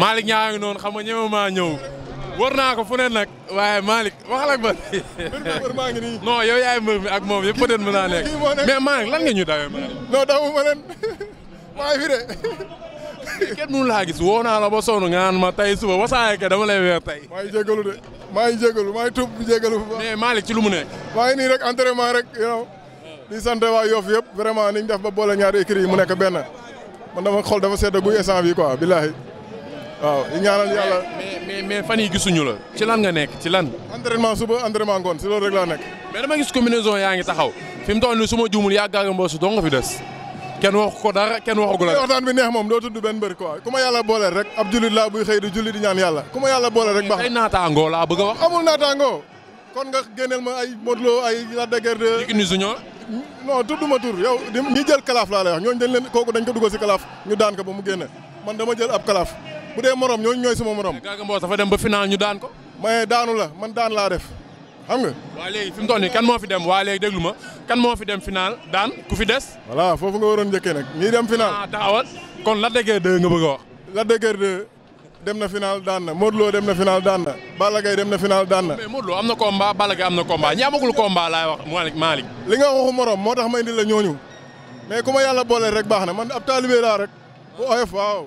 Malick ñaa ngi noonu xam nga ñeme maa ñëw wër naa ko fu ne nag waaye Malick waxal ak man. non yow yaay mbër ak moom yëpp peut-être mën naa nekk mais Malick lan nga ñu dawee Malick. non dawu ma leen maa ngi laa gis woo naa la ba sonn nga ma tey suba wasaare ke dama lay weer tey. maa ngi de maa ngi jégalu maa ngi tuub jégalu bu baax. mais Malick ci lu mu nekk. maa ngi nii rek entraînement di sant waa Yoff yëpp vraiment ni ñu def ba boole ñaari écrits yi mu nekk benn man dama xol dafa sedd guy instant bi quoi billahi waaw di ñaanal yàlla. mais fan yi gisuñu la. ci lan nga nekk ci lan. entraînement suba entraînement ngoon si loolu rek laa nekk. mais dama gis combinaison yaa ngi taxaw fi mu toll nii su ma juumul yaa gaaga mboosu dong nga fi des. kenn wax ko dara kenn waxagu la. waxtaan bi neex moom doo tudd benn mbër quoi ku ma yàlla booleel rek ab jullit laa buy xëy di julli di ñaan yàlla ku ma yàlla booleel rek. baax na naataangoo laa bëgg a wax. amul naataangoo kon nga génneel ma ay Modou Lo ay Lac de bu dee morom ñooñu ñooy sama morom. Garga Mbossé dafa dem ba final ñu daan ko. mais daanu la man daan laa xam nga. waa léegi fi kan moo fi dem waa léegi ma kan moo fi dem final daan ku fi des. voilà foofu nga waroon njëkkee nag ñii dem final. ah kon Lac de Guiers 2 nga bëgg de Guiers 2 na daan na Modou Lo dem na final daan na na final daan na. mais am na combat Balla Gaye am na combat ñi amagul combat laay li moo tax ma indi la ñooñu mais ku ma yàlla boole rek baax na man ab taalibe laa rek bu oyof waaw.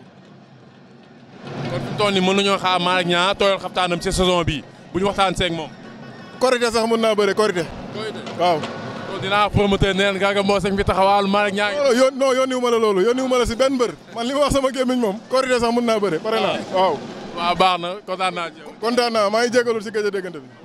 kon fi mu toll nii mën nañoo xaar Malick Niang tooyal xaftaanam bi bu ñu waxtaan seeg moom. Korité sax mën naa bëre Korité. Korité waaw. kon dinaa promoteur neen Garga Mbossé fi taxawal Malick Niang. non non yónni wu ma la loolu yónni wu ma la si benn mbër man li ma wax sama gémmiñ moom Korité sax mën naa bëre pare naa ah. waaw. waaw baax na kontaan naa ci yow. kontaan maa ngi jégalu si gëj a bi.